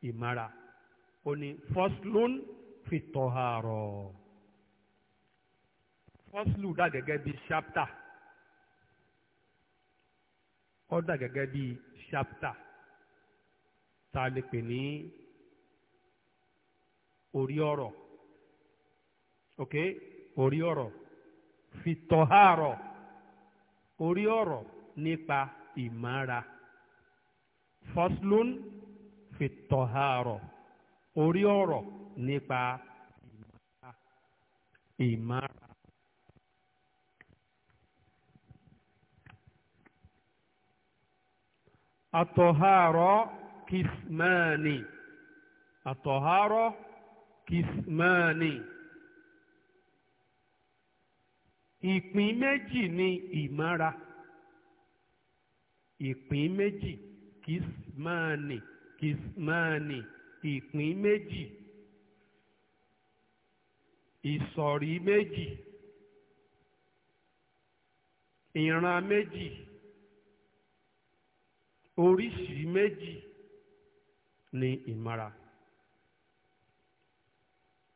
ìmára ó ní fọ́slún fi tọ́hárọ̀ fọ́slù dà gẹ́gẹ́ bí ṣáptà ó dà gẹ́gẹ́ bí ṣáptà tá a lè pè ní orí ọ̀rọ̀ ok orí ọ̀rọ̀ fi tọ́hárọ̀ orí ọ̀rọ̀ nípa ìmára fọ́slún fi tọ̀hárọ̀ orí ọ̀rọ̀ nípa ìmára ìmára. àtọ̀hárọ̀ kìsmáàni àtọ̀hárọ̀ kìsmáàni ìpín méjì ni ìmára ìpín méjì kìsmáàni. kìsmáàni ìpín méjì ìsọ̀rí méjì ìran méjì orisi méjì ni ìmara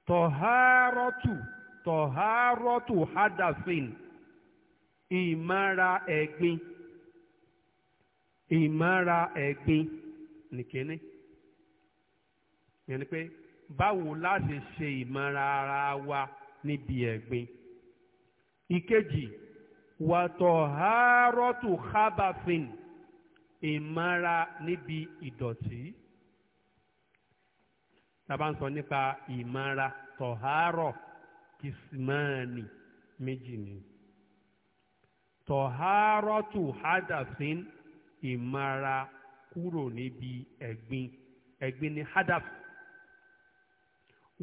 tọ̀hárọ́tù tọ̀hárọ́tù hadafin ìmara ẹ̀gbin ìmara ẹ̀gbin. nìkíní yẹn ni pé báwo láti ṣe ìmọ̀ra ara wa níbi ẹ̀gbin ìkejì wàtọ̀ hárọ́tù hábàfin ìmọ̀ra níbi ìdọ̀tí tàbá ń sọ nípa ìmọ̀ra tọ̀hárọ̀ kìsìmáàni méjì ni tọ̀hárọ̀tù hádàfin ìmọ̀ra kúrò níbi ẹ̀gbin ẹ̀gbin ní hadaf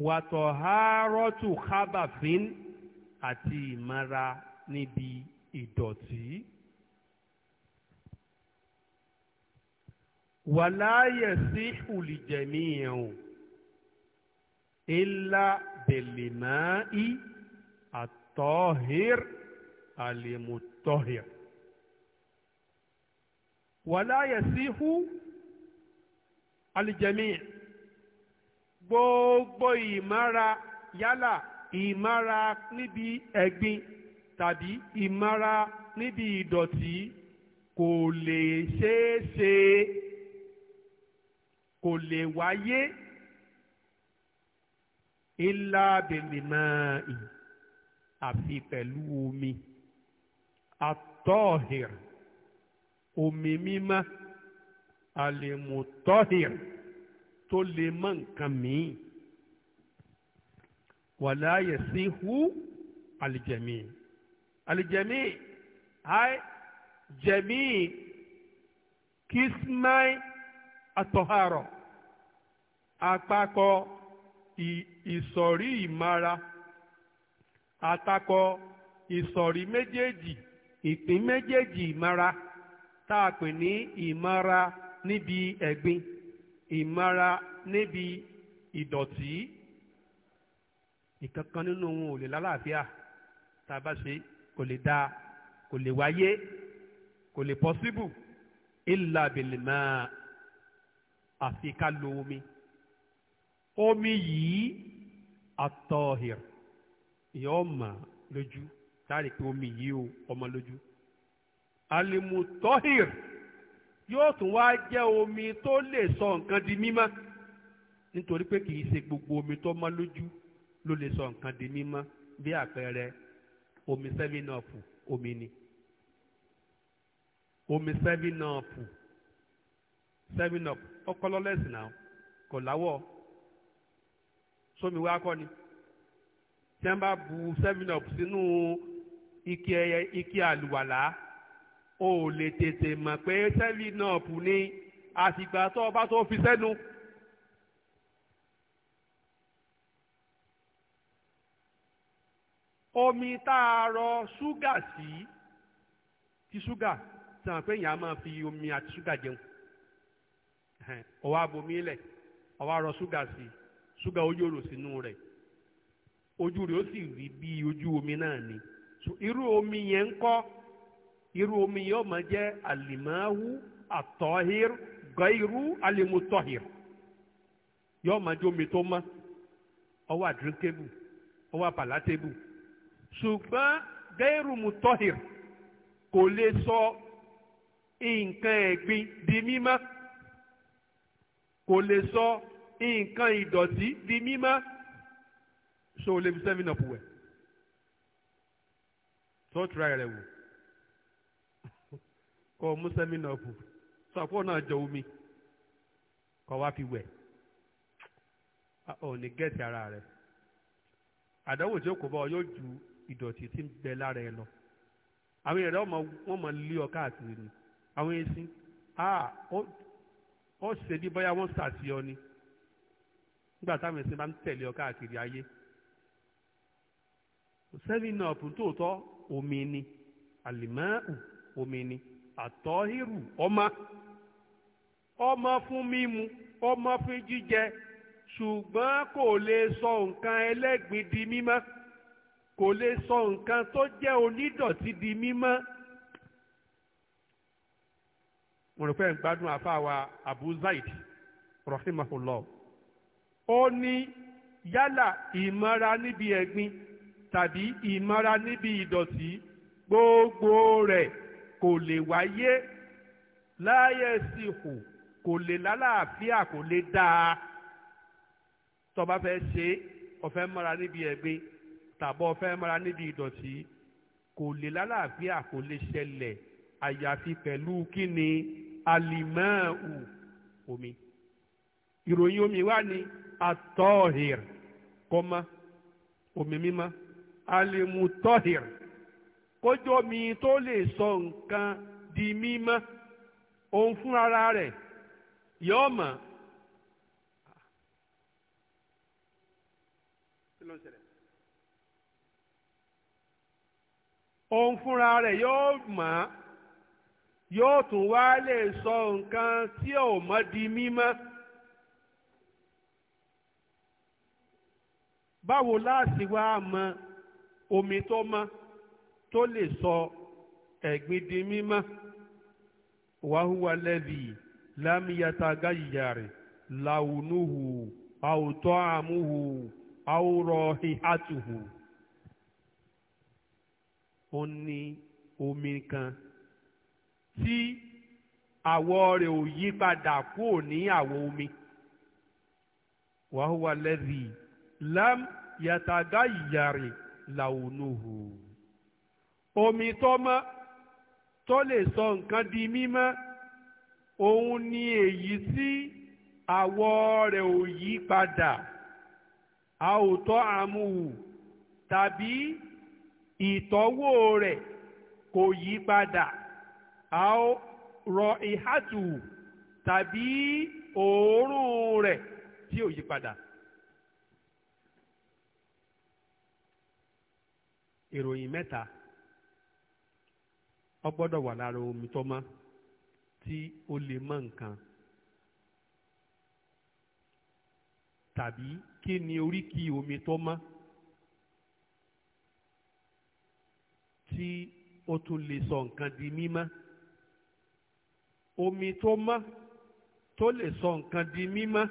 wàtọ̀ hárọ́tù kábàfín àti ìmara níbi ìdọ̀tí. wàláyè sí ìhùlìjẹ̀mí ẹ̀hùn ilá bèlèmáì àtọ́hìr àlèmùtọ́hìr wàlá yẹ̀síhú alìjẹ̀mí gbogbo ìmára yálà ìmára níbi ẹ̀gbin tàbí ìmára níbi ìdọ̀tí kò lè ṣeé ṣe kò lè wáyé ilá bèlìmọ́ ì àfi pẹ̀lú omi àtọ́hìrì. omi mímọ́ àlèmùtọ́hìr tó lè mọ́ nǹkan míì wàláyé sí hu àlìjẹ̀mí àlìjẹ̀mí àì jẹ̀mí kìsmáì àtọ̀hárọ̀ àpapọ̀ ìsọ̀rí ìmara méjèèjì ìpín méjèèjì tá a pè ní ìmọ́ra níbi ẹ̀gbin ìmọ́ra níbi ìdọ̀tí ìkankan nínú wọn ò lè lálàáfíà tá a bá ṣe kò lè dáa kò lè wáyé kò lè pọ́síbù ìlà bìlìmọ́ àfi ká lo omi omi yìí àtọ̀hìr ìyọ́ ọ̀mà lójú táàrí pé omi yìí o ọmọ lójú alimutọ́hìr yóò tún wá jẹ́ omi tó lè sọ nǹkan di mímọ́ nítorí pé kì í ṣe gbogbo omi tó mọ́ lójú ló lè sọ nǹkan di mímọ́ bí àpẹẹrẹ omi seven omi ni omi seven up seven up ọpọlọ lẹ́sìn náà kò láwọ̀ sómi wá kọ́ ni tí wọ́n bá bu seven sínú ike àlùwàlà o ò lè tètè mọ̀ pé sẹ́lì náà pù ní àtìgbà tó o bá tó fi sẹ́nu. omi tá a rọ ṣúgà sí ti ṣúgà sàn pé èèyàn á máa fi omi àti ṣúgà jẹun ó wá lẹ̀ ó rọ ṣúgà sí ṣúgà ó yòrò sínú rẹ̀ ojú rẹ̀ ó sì rí bí ojú omi náà ni irú omi yẹn ń kọ́ irú omi yóò máa jẹ́ alimahu atọ́hir gairu alimutọ́hir yóò máa jẹ́ omi tó mọ́ ó wà drinkable ó wà palatable ṣùgbọ́n gairu mutọ́hir kò lè sọ nǹkan ẹ̀gbin di mímọ́ kò lè sọ nǹkan ìdọ̀tí di mímọ́ so o fi sẹ́fìn ọ̀pù tó tura rẹ̀ wò kó o mú sẹ́mínọ̀pù sọ̀pọ̀ náà jọ omi kó wá fi wẹ̀ ò ní gẹ̀ẹ́sì ara rẹ̀ àdánwò tí ó kò bá ọ yóò ju ìdọ̀tí tí ń bẹ lára ẹ lọ àwọn èèyàn wọn mọ lé ọ káàkiri ni àwọn ẹṣin a ó ṣe bí bóyá wọn ṣàṣì ọ ni nígbà táwọn ẹṣin bá ń tẹ̀lé ọ káàkiri ayé sẹ́mínọ̀pù tòótọ́ omi ni àlìmọ́ọ̀ù omi ni àtọ́hírù ọmọ ọmọ fún mímu ọmọ fún jíjẹ ṣùgbọ́n kò lè sọ nǹkan ẹlẹ́gbin di mímọ́ kò lè sọ nǹkan tó jẹ́ onídọ̀tí di mímọ́. mo rò pé ń gbádùn àfáàwà Abu Zaid rahimahullah ó ní yálà ìmọ̀ra níbi ẹ̀gbin tàbí ìmọ̀ra níbi ìdọ̀tí gbogbo rẹ̀ kò lè wáyé láyé síhù kò lè lálàáfíà kò lè dáa tó bá fẹ́ ṣe ó fẹ́ mọ́ra níbi ẹ̀gbin tàbọ̀ ó fẹ́ mọ́ra níbi ìdọ̀tí kò lè lálàáfíà kò lè ṣẹlẹ̀ àyàfi pẹ̀lú kíni alimẹ́ẹ̀hù omi ìròyìn omi wá ní atọ́hìr kọ́mọ omi mímọ́ alimutọ́hìr kójó mi tó lè sọ nǹkan di mímọ́ òun fúnra rẹ̀ yóò mọ̀. òun fúnra rẹ̀ yóò mọ̀ yóò tún wá lè sọ nǹkan tí ò mọ́ di mímọ́. báwo láti wá mọ omi tó mọ́ tó lè sọ ẹ̀gbin di mímọ́ wàhùwà lẹ́bì lámìyàtà gáyìyà rẹ̀ làwùnúhù àwùtọ́ àmúhù àwùrọ̀ ìhàtùhù. ó ní omi kan tí àwọ̀ rẹ̀ ò yí padà kúrò ní àwọ̀ omi wàhùwà lẹ́bì lámìyàtà gáyìyà rẹ̀ làwùnúhù. omi tó mọ́ tó lè sọ nǹkan di mímọ́ òun ni èyí tí àwọ̀ rẹ̀ ò yí padà a ò tọ́ àmúhù tàbí ìtọ́wò rẹ̀ kò yí padà a ó rọ ìhátù tàbí òórùn rẹ̀ tí ò yí padà. ìròyìn mẹ́ta. ó gbọ́dọ̀ wà lára omi tó mọ́ tí ó lè mọ́ nǹkan tàbí kí ni oríkì omi tó mọ́ tí ó tún lè sọ nǹkan di mímọ́ omi tó mọ́ tó lè sọ nǹkan di mímọ́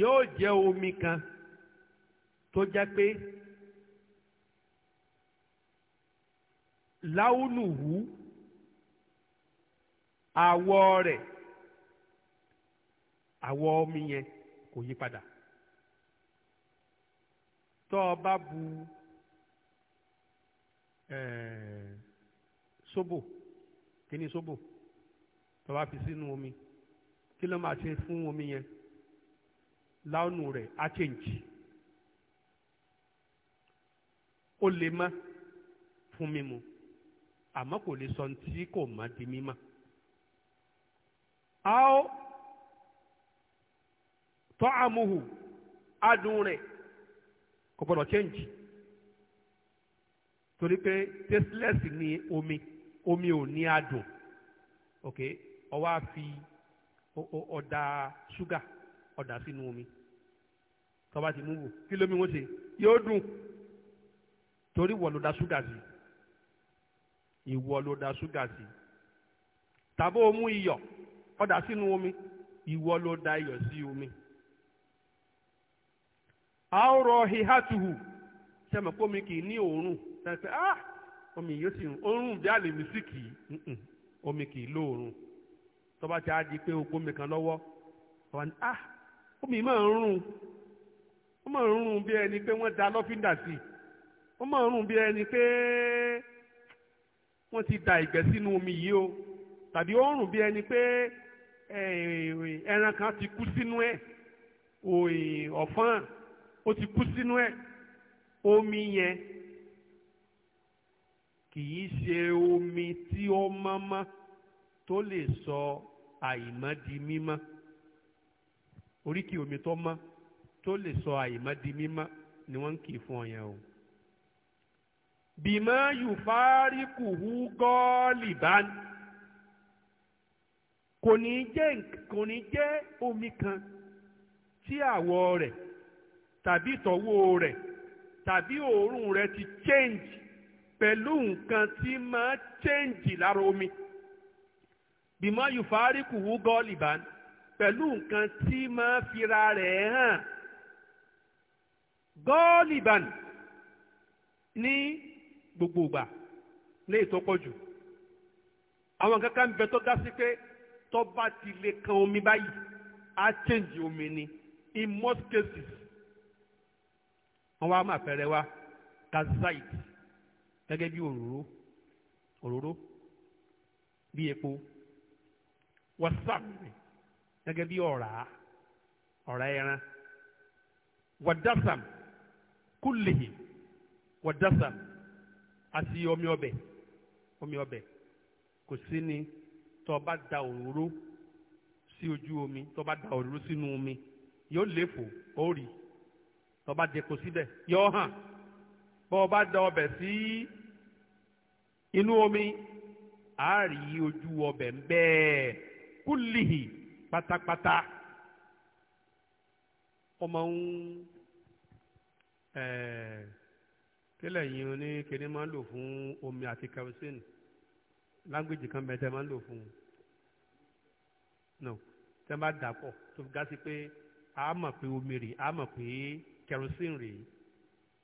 yóò jẹ́ omi kan tó jẹ́ pé láúnùhù àwọ̀ rẹ̀ àwọ̀ omi yẹn kò yí padà tọ́ ọ bá bu eh, sóbò kí ni sóbò tọ́ bá fi sínú omi kí ló máa ṣe fún omi yẹn láúnù rẹ̀ á chèǹjì ó lè mọ́ fún mímu àmọ́ kò lè sọ tí kò má di mímọ́. ao tọ́ àmuhù adùn rẹ̀ kò gbọ́dọ̀ change torí pé tasteless ni omi omi ò ní adùn ok ó wá fi ó dà ṣúgà ó sínú omi tó ti mú wò kí lómi wọ́n ṣe yóò dùn torí wọ́n ló dà ṣúgà sí i. ìwọ ló da ṣúgà sí tàbí o mú sínú omi ìwọ ló da iyọ̀ sí omi. àárọ̀ hihatuhu sẹ́mi pé omi kì í ní òórùn ah omi yóò sì òórùn bí àlè mi sì kì í omi kì í lóòórùn tọ́ba ti á di pé o gbómi kan lọ́wọ́ ni ah omi máa ń ó máa ń bí ẹni pé wọ́n da lọ́fíńdà sí i ó máa ń rún bí ẹni pé wọ́n ti da ìgbẹ́ sínú omi yìí o tàbí ó rùn bí ẹni pé ẹran kan ti kú sínú ẹ̀ ọ̀fọ́n ó ti kú sínú ẹ̀ omi yẹn kì ṣe omi tí ó mọ́mọ́ tó lè sọ àìmọ́ di mímọ́ oríkì omi tó mọ́ tó lè sọ àìmọ́ di mímọ́ ni wọ́n ń kì í fún ọ o bìmọ yùfáríkùhù gọ́ọ̀lìbán kò ní jẹ́ kò ní jẹ́ omi kan tí àwọ̀ rẹ̀ tàbí ìtọ́wò rẹ̀ tàbí òórùn rẹ̀ ti change pẹ̀lú nǹkan tí máa change lára omi bìmọ yùfáríkùhù gọ́ọ̀lìbán pẹ̀lú nǹkan tí máa fira rẹ̀ hàn gọ́ọ̀lìbán ní gbogbo ìgbà ní ìtọ́pọ̀ jù àwọn kankan ń bẹ tó dá sí pé tó bá ti lè kan omi báyìí á change omi ni in most cases wọ́n wá máa fẹ́rẹ̀ wá calcite gẹ́gẹ́ bí òróró òróró bí epo whatsapp gẹ́gẹ́ bí ọ̀rá ọ̀rá ẹran wadasam kulihi wadasam àti omi ọbẹ omi ọbẹ kò sí ni tó bá da òróró sí omi tó bá da òróró sínú omi yóò léfò ó rì tó bá dẹ̀kọ yóò hàn omi á ojú ọbẹ̀ ń bẹ́ẹ̀ kúlìhì pátápátá ọmọ ń tẹ́lẹ̀ yìí ó ní kíní máa ń lò fún omi àti kerosene lágbèjì kan bẹ́ẹ̀ tẹ́ máa ń lò fún no tẹ́ bá dà pọ̀ tó fi gásí pé a mọ̀ pé omi rèé a mọ̀ pé kerosene rèé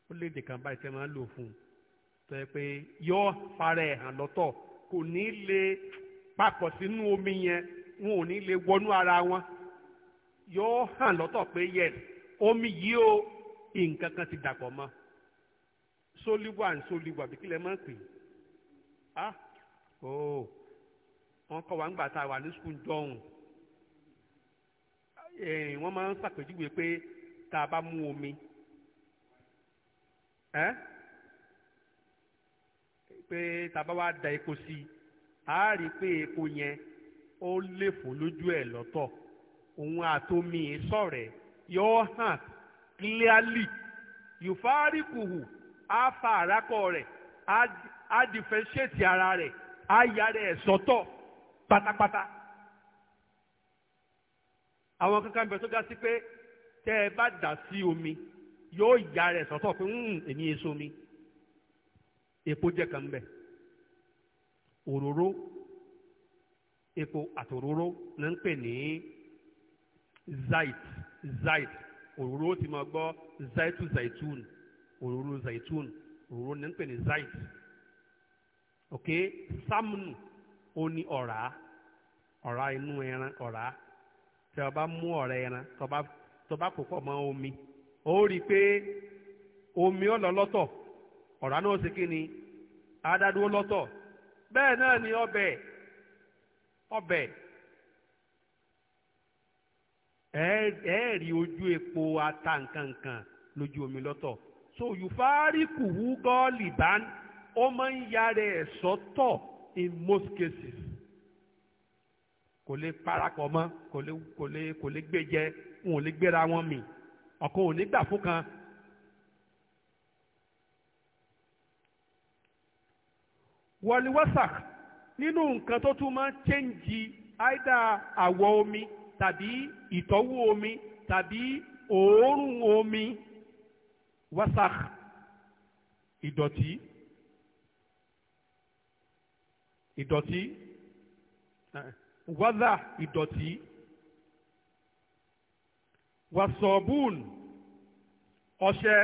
ó léde kan báyìí tẹ́ máa ń lò fún un tọ́ ẹ pé yọ fara ẹ̀ hàn lọ́tọ̀ kò ní lè papọ̀ sínú omi yẹn wọn ò ní lè wọnú ara wọn yọ hàn lọ́tọ̀ pé yẹ omi yìí ó nǹkan kan ti dàpọ̀ mọ́ sóliwà ń sóliwà bí kílẹ̀ máa ń pè á ó wọn kọ́ wa ńgbà tá a wà ní sukùl jọ̀hún eh, wọ́n máa ń ṣàpèjúwe pé tá a bá mú omi ẹ́ pé tá a bá wá da epo sí i rí i pé epo yẹn ó lè lójú ẹ̀ lọ́tọ̀ òun àtomi sọ̀rẹ̀ yóò hàn clearly yòfáríkùhù a fa àrákọ rẹ a dìfẹ́ṣẹ́tì ara rẹ a yára ẹ̀ sọ́tọ̀ pátápátá. àwọn kankan bẹ tó ga sí pé tẹ́ ẹ bá dà sí omi yóò yara ẹ̀ sọ́tọ̀ pé hmm, èmi èso mi èpo jẹ́ kan bẹ̀ òróró epo àtòróró ló ń pè ní zait zait òróró ti máa gbọ́ zaitu zaitun òróró zaitun pè ní zait ok samnu ó ní ọ̀rá ọ̀rá inú ẹran ọ̀rá tí o bá mú ọ̀rá ẹran tó bá kó pọ̀ mọ́ omi ó rí i pé omi ọ̀lọ́ lọ́tọ̀ ọ̀rá náà ṣe kí ni adádúró lọ́tọ̀ bẹ́ẹ̀ náà ni ọbẹ̀ ọbẹ̀ ẹ̀ẹ́rì ojú epo ata nkankan lójú omi lọ́tọ̀ so yufariku hu gọ́ọ̀lìbán ó máa ń yára ẹ̀ sọ́tọ̀ in most cases kò lè parapọ̀ mọ́ kò lè kò lè kò lè gbé jẹ wọn ò lè gbéra wọn mì ọ̀kan ò ní gbà fún kan. wọ̀líwọ́sà nínú nǹkan tó tún máa ń chẹ́ǹjì áìdá àwọ̀ omi tàbí ìtọ́wò omi tàbí òórùn omi wasak ìdọ̀tí ìdọ̀tí wádà ìdọ̀tí wasọ̀bùn ọṣẹ.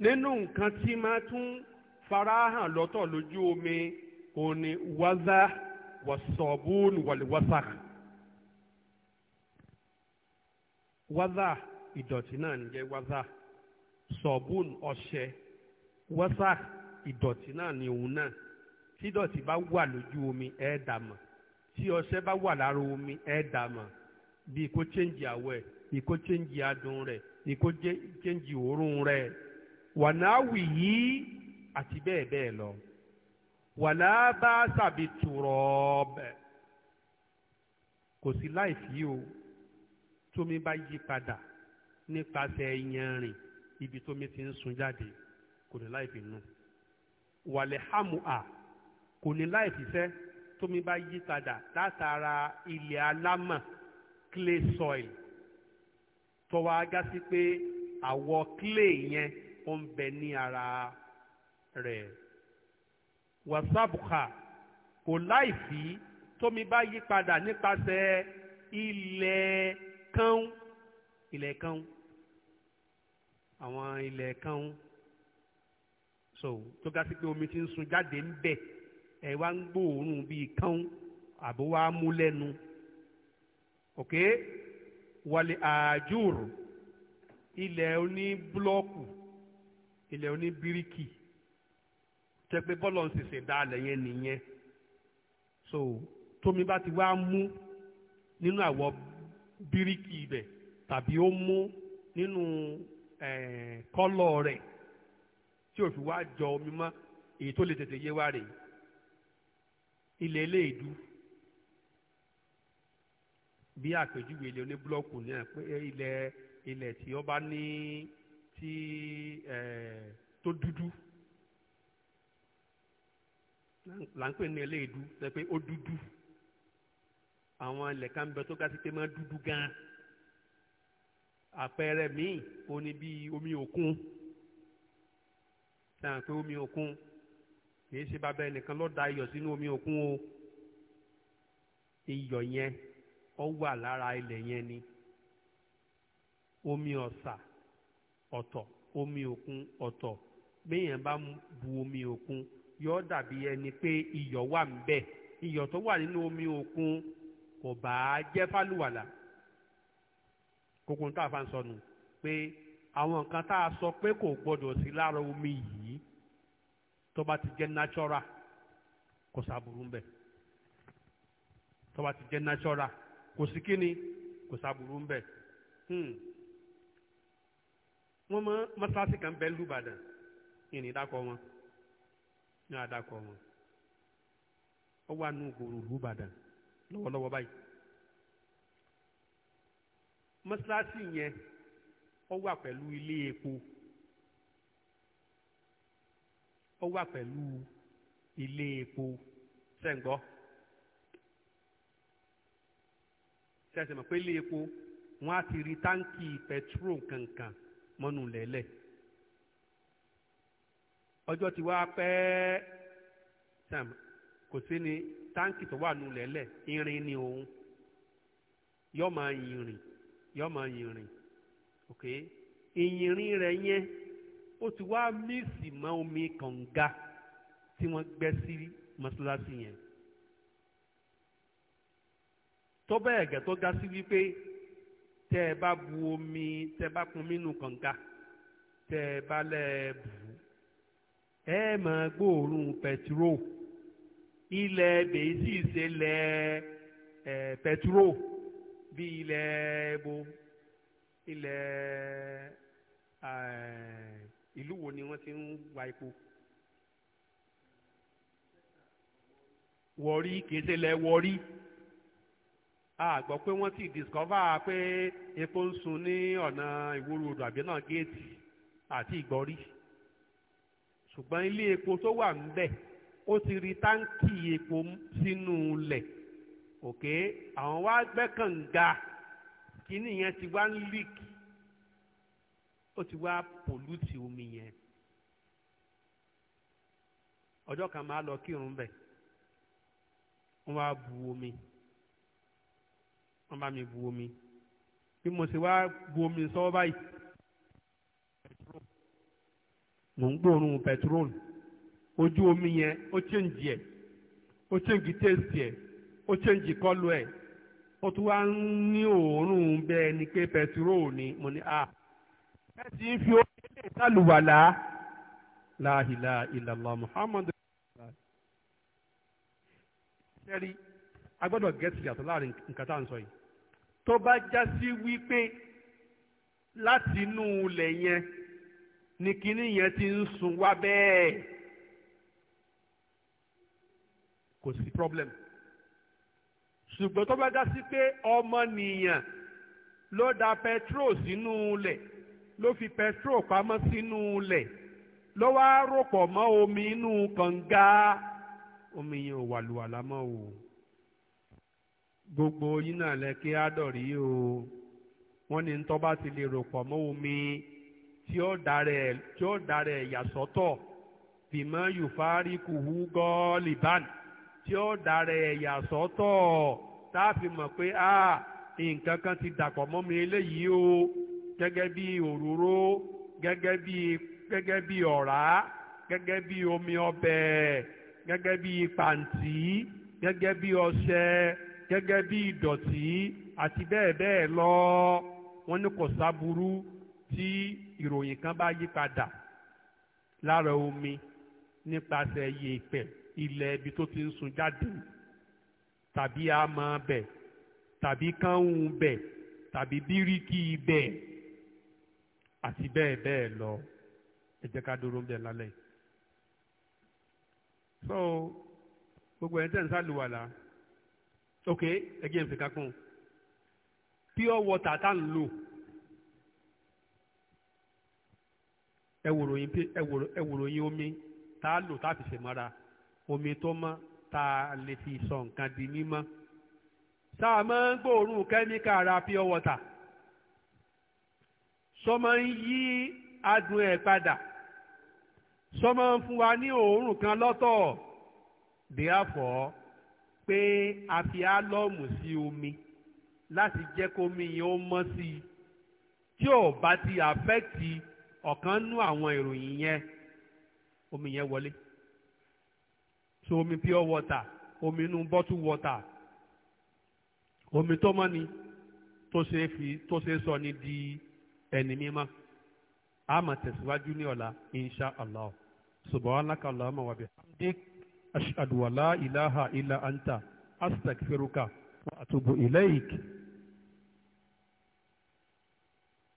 nínú nǹkan tí máa tún farahàn lọ́tọ̀ lójú omi òun ni wáza wàsọ̀bùn wàlíwásà wáza ìdọ̀tí náà ń jẹ́ wáza sọ̀bùn ọṣẹ wáza ìdọ̀tí náà ni òun náà tí ìdọ̀tí bá wà lójú omi ẹ̀ dà mọ̀ tí ọṣẹ bá wà lára omi ẹ̀ dà bí kò chẹ́ǹjì àwẹ̀ bí kò chẹ́ǹjì adùn rẹ̀ bí kò chẹ́ǹjì òórùn rẹ̀ wànáwì yìí àti bẹ́ẹ̀ bẹ́ẹ̀ lọ wàlá bá sàbí tùrọ̀ọ̀bẹ̀ kò sí láìfí o tómi bá yí padà nípasẹ̀ yanrìn ibi tómi ti ń sun jáde kò ní láìfí nù wàlẹ̀ hàmù à kò ní láìfí sẹ́ tómi bá yí padà látara ilẹ̀ alámà clay soil tọwọ́ agá sí pé àwọ̀ clay yẹn ó ń bẹ ní ara rẹ̀ wàsábùkà kò láìsí tómi bá yí padà nípasẹ̀ ilẹ̀ kan ilẹ̀ kan àwọn ilẹ̀ kan so tó ga sí pé omi ti ń sun jáde ń bẹ̀ ẹ̀ wá ń gbóòórùn bíi kan àbó wá mú lẹ́nu ok wàlẹ̀ àjùr ilẹ̀ oní búlọ́ọ̀kù ilẹ̀ oníbíríkì tẹ́ pé bọ́ọ̀lù ṣẹ̀ṣẹ̀ dá alẹ̀ yẹn nìyẹn so tómi bá ti wá mú nínú àwọ̀ bíríkì ibẹ̀ tàbí ó mú nínú kọ́lọ̀ rẹ̀ tí òfin wá jọ omi mọ́ èyí tó lè tètè yé wá rèé ilẹ̀ eléèdú bí àpèjúwe ilẹ̀ oníbúlọ́ọ̀kù náà pé ilẹ̀ ilẹ̀ tí ó bá tí tó dúdú là ń pè ní eléèdú ṣe pé ó dúdú àwọn ilẹ̀ kan bẹ tó ga sí pé máa dúdú gan àpẹẹrẹ míì ó ní bíi omi òkun sàn pé omi òkun kìí ṣe bàbá ẹnìkan ló da iyọ̀ sínú omi òkun o iyọ̀ yẹn ó wà lára ilẹ̀ yẹn ni omi ọ̀sà ọtọ omi òkun ọ̀tọ̀ béèyàn bá bu omi òkun yọ dàbí ẹni pé iyọ̀ wà ń bẹ̀ iyọ̀ tó wà nínú omi òkun kò bá jẹ́ fálùwàlà kókun tá a fa ń sọnù pé àwọn nǹkan tá a sọ pé kò gbọdọ̀ sí lára omi yìí tó bá ti jẹ́ natural kò sábúrú ń bẹ̀ tó bá ti jẹ́ natural kò sí kíni kò sábúrú ń bẹ̀. Hmm. wọ́n mọ mọ́sáàsì kan bẹ́ẹ̀ lùbàdàn ìní dákọ̀ wọn ní àdàkọ̀ wọn ó wà nù gbòòrò lùbàdàn lọ́wọ́lọ́wọ́ báyìí mọ́sáàsì yẹn ó wà pẹ̀lú ilé epo ó wà pẹ̀lú ilé epo sẹ́ǹgbọ́ sẹ́sẹ̀ mọ̀ pé ilé epo wọ́n á ti rí táǹkì pẹtrol kankan mọ́nú lẹ́lẹ̀ ọjọ́ ti wá pẹ́ sam kò sí ni táǹkì tó wà nù lẹ́lẹ̀ irin ni òun yọ máa yìnrìn yọ máa yìnrìn ok ìyìnrìn rẹ̀ yẹn ó ti wá míìsì mọ́ omi kànga tí wọ́n gbẹ́ sí mọ́ṣáláṣí yẹn tó bẹ́ẹ̀ gẹ̀ tó ga sí wípé tẹ́ ẹ bá bu omi tẹ́ ẹ bá kun mínú kànga tẹ́ ẹ bá lẹ́ ẹ bù ẹ máa gbóòórùn pẹtiró ilẹ̀ bèyí ṣe lẹ ẹ pẹtiró bí ilẹ̀ bo ilẹ̀ ìlú wo ni wọ́n ti ń wa epo wọ̀rí kìí ṣe lẹ wọ̀rí a gbọ́ pé wọ́n ti discover pé epo ń sun ní ọ̀nà ìwòrò odò àbí náà géètì àti ìgbọ́rí ṣùgbọ́n ilé epo tó wà ńbẹ̀ ó ti rí táǹkì epo sínú ilẹ̀ òkè àwọn wá gbẹ́ kànga kíní yẹn ti wá ń leak ó ti wá pòlútì omi yẹn ọjọ́ kan máa lọ kírun bẹ̀ wọ́n wá bu omi wọ́n bá mi bu omi bí mo ṣe wá bu omi sọ́wọ́ báyìí mò ń gbóòórùn petrol ojú omi yẹn ó chẹ́ǹjì ẹ̀ ó chẹ́ǹjì tẹ́sì ẹ̀ ó chẹ́ǹjì kọ́lù ẹ̀ ó tún wá ń ní òórùn bẹ́ẹ̀ ni pé petrol ni mo ní a ah, ẹ sì ń fi omi lè sálùwàlá láhìlá ìlàlá muhammadu ṣẹ́rí a gbọ́dọ̀ gẹ́tì yàtọ̀ láàrin nǹkan tá yìí tó bá já sí wípé láti inú ilẹ̀ yẹn ni kinní yẹn ti ń sun wá bẹ́ẹ̀ kò sí problem ṣùgbọ́n tó bá dá sí pé ọmọnìyàn ló da petrol sínú ilẹ̀ ló fi petrol pamọ́ sínú ilẹ̀ ló wá rò pọ̀ mọ́ omi inú kànga omi yẹn ò wà mọ́ o gbogbo yín náà lẹ́kẹ́ àdọ̀rí o wọ́n ní tó bá ti lè rò pọ̀ mọ́ omi tí ó darẹ̀ tí ó darẹ̀ ìyàsọ́tọ̀ bímọ yùfárí kùhú gọ́ọ̀lì tí ó darẹ̀ ìyàsọ́tọ̀ tá a fi mọ̀ pé a nǹkan kan ti dàpọ̀ mọ́ mi eléyìí o gẹ́gẹ́ bí òróró gẹ́gẹ́ bí gẹ́gẹ́ bí ọ̀rá gẹ́gẹ́ bí omi ọbẹ̀ gẹ́gẹ́ bí pàǹtí gẹ́gẹ́ bí ọṣẹ gẹ́gẹ́ bí ìdọ̀tí àti bẹ́ẹ̀ bẹ́ẹ̀ lọ wọ́n ní kò sábúrú tí ìròyìn kan bá yí padà lára omi nípasẹ̀ yèèpẹ̀ ilẹ̀ ibi tó ti ń sun jáde tàbí amọ̀ bẹ̀ tàbí kánhùn bẹ̀ tàbí bíríkì bẹ̀ àti bẹ́ẹ̀ bẹ́ẹ̀ lọ ẹ jẹ́ ká dúró bẹ̀ lálẹ́ so gbogbo ẹ̀ ń ń sálùwàlà. ok again jẹ́ n pure water tá n lò ẹ wò ròyìn ẹ omi ta lo ta fi se mara omi tó mọ́ ta a lè fi sọ nǹkan di mímọ́ sáà máa ń gbóòórùn kẹ́míkà ara pure water sọmọ ń yí adùn ẹ̀ padà sọmọ ń fún wa ní òórùn kan lọ́tọ̀ therefore pé a fi álọ́ọ̀mù sí omi láti jẹ́ kómi yẹn ó mọ́ sí i tí ò bá ti àfẹ́ẹ̀tì ọ̀kan nú àwọn ìròyìn yẹn omi yẹn wọlé so omi pure water omi inú bottle water omi tó mọ́ ni tó ṣe fi tó ṣe sọ ni di ẹni mímọ́ a máa tẹ̀síwájú ní ọ̀la insha allah subhanaka allahumma wa bihamdik. أشهد ولا إله إلا أنت أستغفرك وأتوب إليك